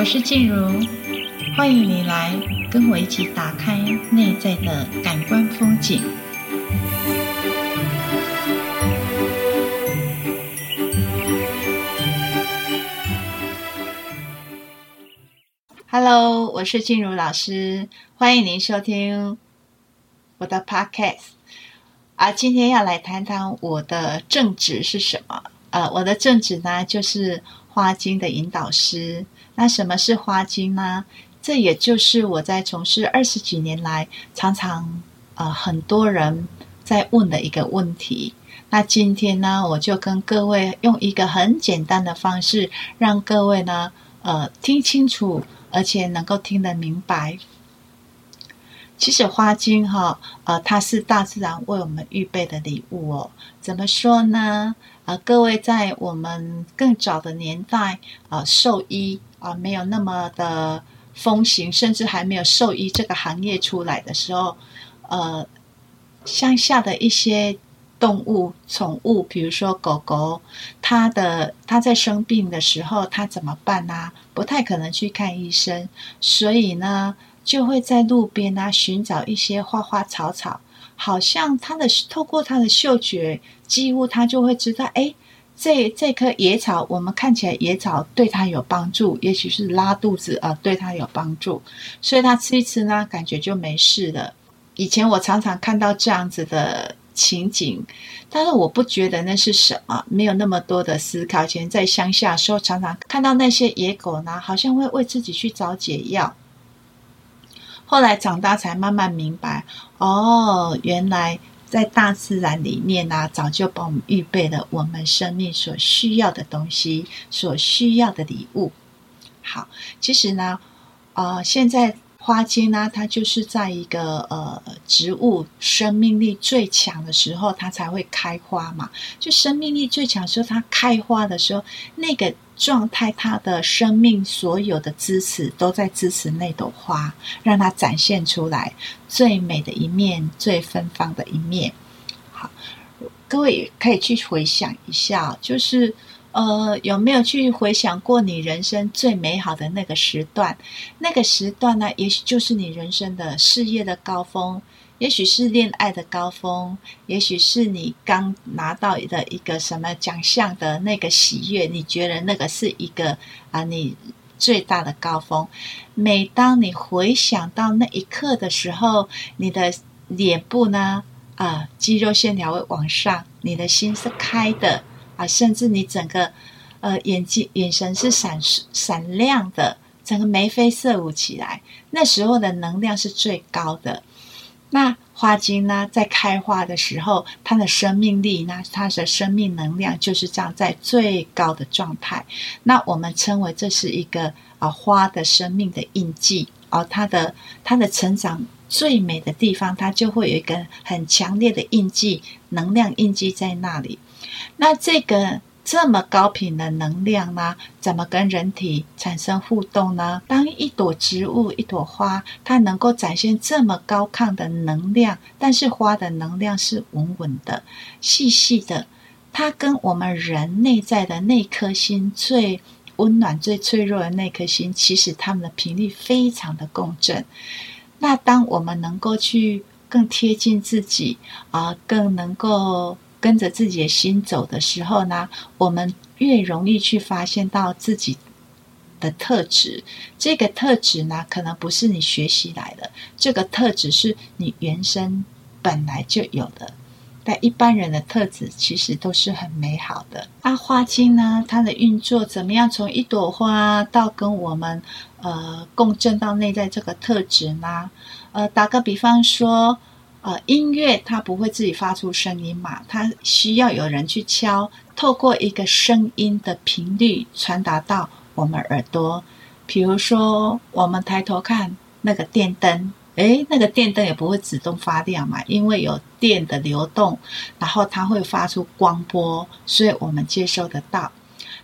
我是靜茹，歡迎你來跟我一起打開內在的感官風景。Hello，我是靜茹老師，歡迎您收聽我的 Podcast 啊，今天要來談談我的正職是什麼？呃、啊，我的正職呢，就是花精的引導師。那什麼是花精呢？這也就是我在從事二十幾年來，常常，呃，很多人在問的一個問題。那今天呢，我就跟各位用一個很簡單的方式，讓各位呢呃聽清楚，而且能夠聽得明白。其實花精哈，啊，呃，它是大自然為我們預備的禮物哦。怎麼說呢？呃，各位在我們更早的年代，呃，獸醫。啊、呃，沒有那麼的風行，甚至還沒有獸醫這個行業出來的時候，呃，鄉下的一些動物寵物，比如說狗狗，它的它在生病的時候，它怎麼辦啊？不太可能去看醫生，所以呢，就會在路邊啊尋找一些花花草草，好像它的透過它的嗅覺，幾乎它就會知道，哎。這這棵野草，我們看起來野草對它有幫助，也許是拉肚子啊、呃，對它有幫助，所以它吃一吃呢，感覺就沒事了。以前我常常看到這樣子的情景，但是我不覺得那是什麼，沒有那麼多的思考。以前在鄉下時候，常常看到那些野狗呢，好像會為自己去找解藥。後來長大才慢慢明白，哦，原來。在大自然裡面呢、啊，早就幫我們預備了我們生命所需要的東西，所需要的禮物。好，其實呢，呃，現在花精呢、啊，它就是在一個呃植物生命力最強的時候，它才會開花嘛。就生命力最強時候，它開花的時候，那個。狀態，他的生命所有的支持都在支持那朵花，讓它展現出來最美的一面、最芬芳的一面。好，各位可以去回想一下，就是呃，有沒有去回想過你人生最美好的那個時段？那個時段呢，也許就是你人生的事業的高峰。也許是戀愛的高峰，也許是你剛拿到的一個什麼獎項的那個喜悅，你覺得那個是一個啊、呃，你最大的高峰。每當你回想到那一刻的時候，你的臉部呢啊、呃，肌肉線條會往上，你的心是開的啊、呃，甚至你整個呃眼睛眼神是閃閃亮的，整個眉飛色舞起來，那時候的能量是最高的。那花精呢，在開花的時候，它的生命力呢，那它的生命能量就是這樣，在最高的狀態。那我們稱為這是一個啊、呃、花的生命的印記，而、呃、它的它的成長最美的地方，它就會有一個很強烈的印記，能量印記在那裡。那這個。這麼高頻的能量呢，怎麼跟人體產生互動呢？當一朵植物、一朵花，它能夠展現這麼高亢的能量，但是花的能量是穩穩的、細細的，它跟我們人內在的那顆心最溫暖、最脆弱的那顆心，其實它們的頻率非常的共振。那當我們能夠去更貼近自己，啊、呃、更能夠。跟着自己的心走的時候呢，我們越容易去發現到自己的特質。這個特質呢，可能不是你學習來的，這個特質是你原生本來就有的。但一般人的特質其實都是很美好的。阿、啊、花精呢，它的運作怎麼樣？從一朵花到跟我們呃共振到內在這個特質呢？呃，打個比方說。呃，音樂它不會自己發出聲音嘛，它需要有人去敲，透過一個聲音的頻率傳達到我們耳朵。比如說，我們抬頭看那個電燈，哎，那個電燈也不會自動發亮嘛，因為有電的流動，然後它會發出光波，所以我們接收得到。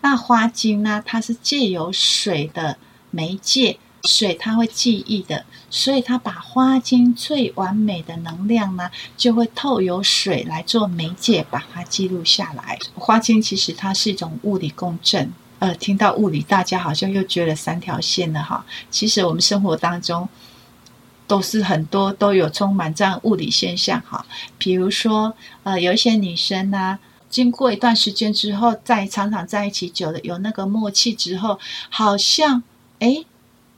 那花精呢？它是藉由水的媒介。水它會記憶的，所以它把花精最完美的能量呢，就會透由水來做媒介，把它記錄下來。花精其實它是一種物理共振，呃，聽到物理大家好像又覺得三條線了哈。其實我們生活當中都是很多都有充滿這樣物理現象哈。比如說，呃，有一些女生呢、啊，經過一段時間之後，在常常在一起久了，有那個默契之後，好像哎。誒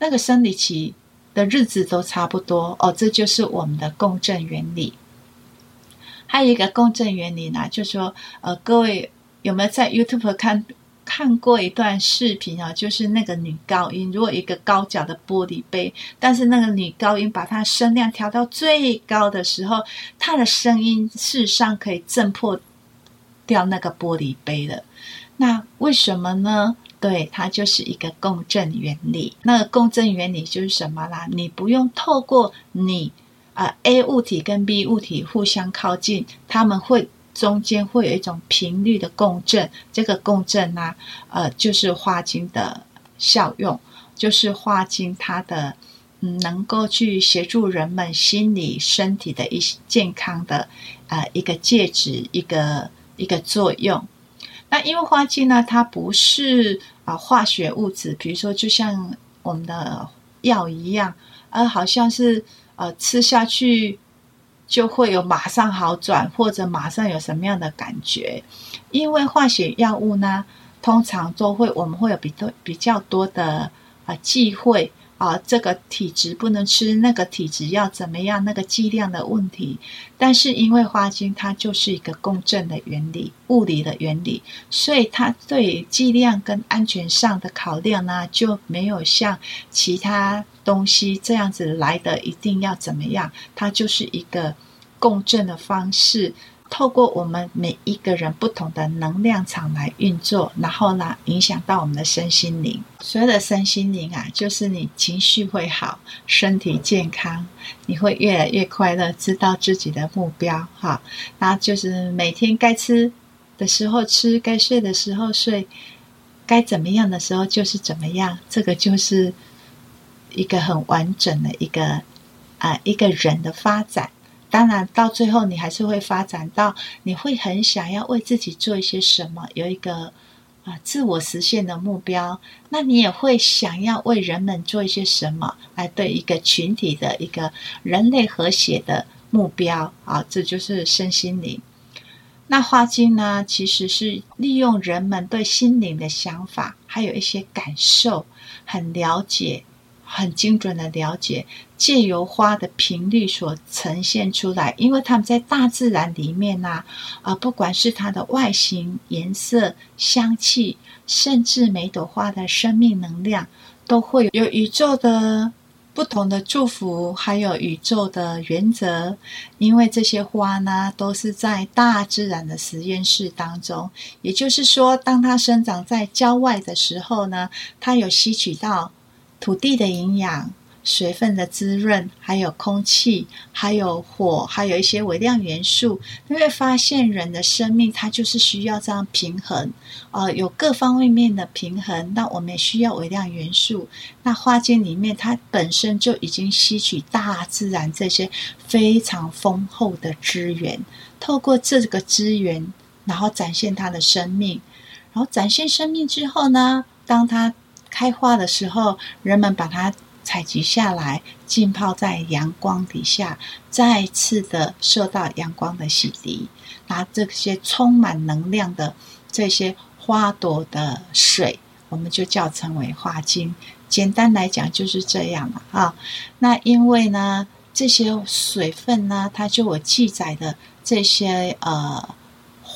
那個生理期的日子都差不多哦，這就是我們的共振原理。還有一個共振原理呢，就是說呃，各位有沒有在 YouTube 看看過一段視頻啊？就是那個女高音，如果一個高腳的玻璃杯，但是那個女高音把她聲量調到最高的時候，她的聲音事實上可以震破掉那個玻璃杯的。那為什麼呢？對，它就是一個共振原理。那個共振原理就是什麼啦？你不用透過你啊、呃、A 物體跟 B 物體互相靠近，他們會中間會有一種頻率的共振。這個共振呢、啊、呃，就是花精的效用，就是花精它的嗯能夠去協助人們心理、身體的一些健康的呃一個介質，一個一個作用。那因為花精呢，它不是啊、呃、化學物質，比如說就像我們的藥一樣，而好像是呃吃下去就會有馬上好轉或者馬上有什麼樣的感覺。因為化學藥物呢，通常都會我們會有比多比較多的啊、呃、忌諱。啊，這個體質不能吃，那個體質要怎麼樣？那個劑量的問題。但是因為花精它就是一個共振的原理、物理的原理，所以它對劑量跟安全上的考量呢，就沒有像其他東西這樣子來的，一定要怎麼樣？它就是一個共振的方式。透過我們每一個人不同的能量場來運作，然後呢，影響到我們的身心靈。所有的身心靈啊，就是你情緒會好，身體健康，你會越來越快樂，知道自己的目標，哈。那就是每天該吃的時候吃，該睡的時候睡，該怎麼樣的時候就是怎麼樣。這個就是一個很完整的一個啊、呃，一個人的發展。當然，到最後你還是會發展到，你會很想要為自己做一些什麼，有一個啊自我實現的目標。那你也會想要為人們做一些什麼，來對一個群體的一個人類和諧的目標啊，這就是身心靈。那花精呢，其實是利用人們對心靈的想法，還有一些感受，很了解，很精準的了解。借由花的頻率所呈現出來，因為它們在大自然裡面呢、啊，啊、呃，不管是它的外形、顏色、香氣，甚至每朵花的生命能量，都會有宇宙的不同的祝福，還有宇宙的原則。因為這些花呢，都是在大自然的實驗室當中，也就是說，當它生長在郊外的時候呢，它有吸取到土地的營養。水分的滋潤，還有空氣，還有火，還有一些微量元素。你會發現，人的生命它就是需要這樣平衡，呃，有各方位面的平衡。那我們也需要微量元素。那花間裡面它本身就已經吸取大自然這些非常豐厚的資源，透過這個資源，然後展現它的生命，然後展現生命之後呢，當它開花的時候，人們把它。採集下來，浸泡在陽光底下，再次的受到陽光的洗滌，拿這些充滿能量的這些花朵的水，我們就叫成為花精。簡單來講就是這樣了啊，啊。那因為呢，這些水分呢，它就有記載的這些呃。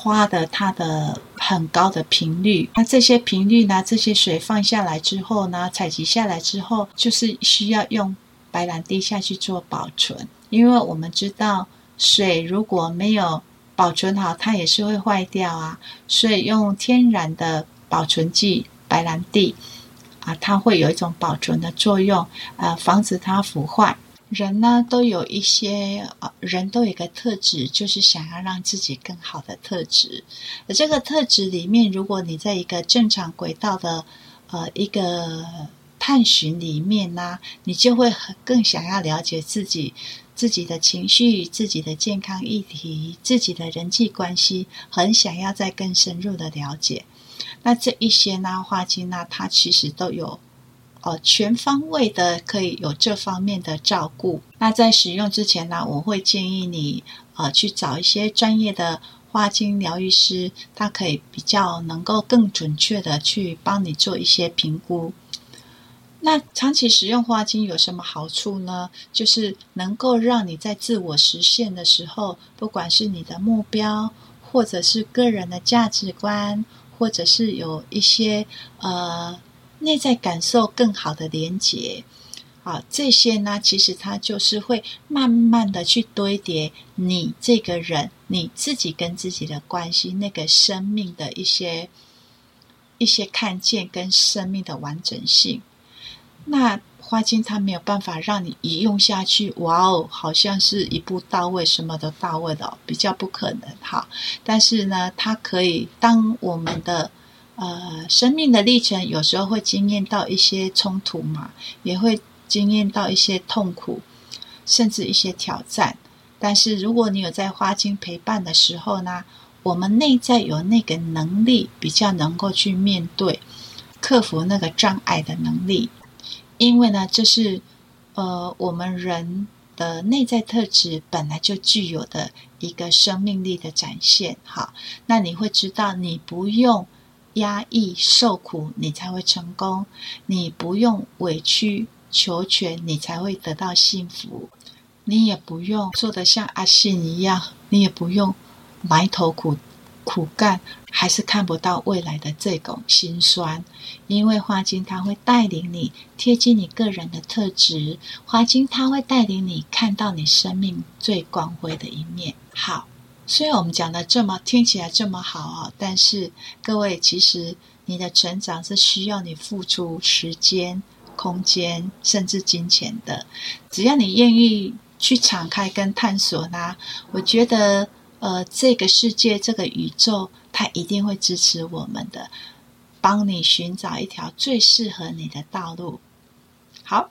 花的它的很高的頻率，那這些頻率呢，這些水放下來之後呢，採集下來之後，就是需要用白蘭地下去做保存，因為我們知道水如果沒有保存好，它也是會壞掉啊。所以用天然的保存劑白蘭地啊，它會有一種保存的作用，呃、啊，防止它腐壞。人呢，都有一些呃，人都有一個特質，就是想要讓自己更好的特質。而這個特質裡面，如果你在一個正常軌道的呃一個探尋裡面呢，你就會很更想要了解自己，自己的情緒、自己的健康議題、自己的人際關係，很想要再更深入的了解。那這一些呢，花精呢，它其實都有。呃，全方位的可以有這方面的照顧。那在使用之前呢，我會建議你，呃，去找一些專業的花精療癒師，他可以比較能夠更準確的去幫你做一些評估。那長期使用花精有什麼好處呢？就是能夠讓你在自我實現的時候，不管是你的目標，或者是個人的價值觀，或者是有一些呃。內在感受更好的連結，啊，這些呢，其實它就是會慢慢的去堆疊你這個人，你自己跟自己的關係，那個生命的一些一些看見跟生命的完整性。那花精它沒有辦法讓你一用下去，哇哦，好像是一步到位，什麼都到位了，比較不可能。哈。但是呢，它可以當我們的。呃，生命的歷程有時候會經驗到一些衝突嘛，也會經驗到一些痛苦，甚至一些挑戰。但是，如果你有在花精陪伴的時候呢，我們內在有那個能力，比較能夠去面對、克服那個障礙的能力。因為呢，這是呃我們人的內在特質本來就具有的一個生命力的展現。好，那你會知道，你不用。壓抑受苦，你才會成功；你不用委屈求全，你才會得到幸福；你也不用做得像阿信一樣，你也不用埋頭苦苦幹，還是看不到未來的這種辛酸。因為花精它會帶領你貼近你個人的特質，花精它會帶領你看到你生命最光輝的一面。好。雖然我們講的這麼聽起來這麼好哦啊，但是各位，其實你的成長是需要你付出時間、空間，甚至金錢的。只要你願意去敞開跟探索呢，我覺得，呃，這個世界、這個宇宙，它一定會支持我們的，幫你尋找一條最適合你的道路。好。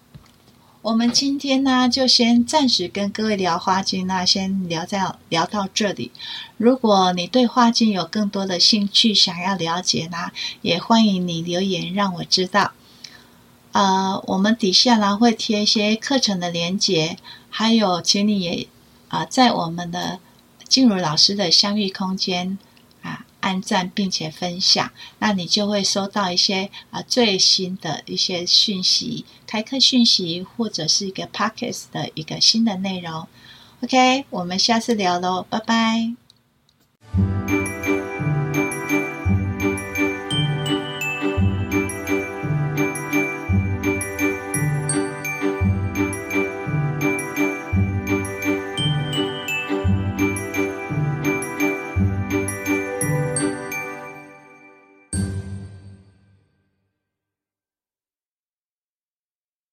我們今天呢，就先暫時跟各位聊花精呢，先聊到聊到這裡。如果你對花精有更多的興趣，想要了解呢，也歡迎你留言讓我知道。呃，我們底下呢會貼一些課程的連結，還有請你也啊、呃，在我們的靜茹老師的相遇空間。按讚並且分享，那你就會收到一些啊、呃、最新的一些訊息、開課訊息或者是一個 podcast 的一個新的內容。OK，我們下次聊嘍，拜拜。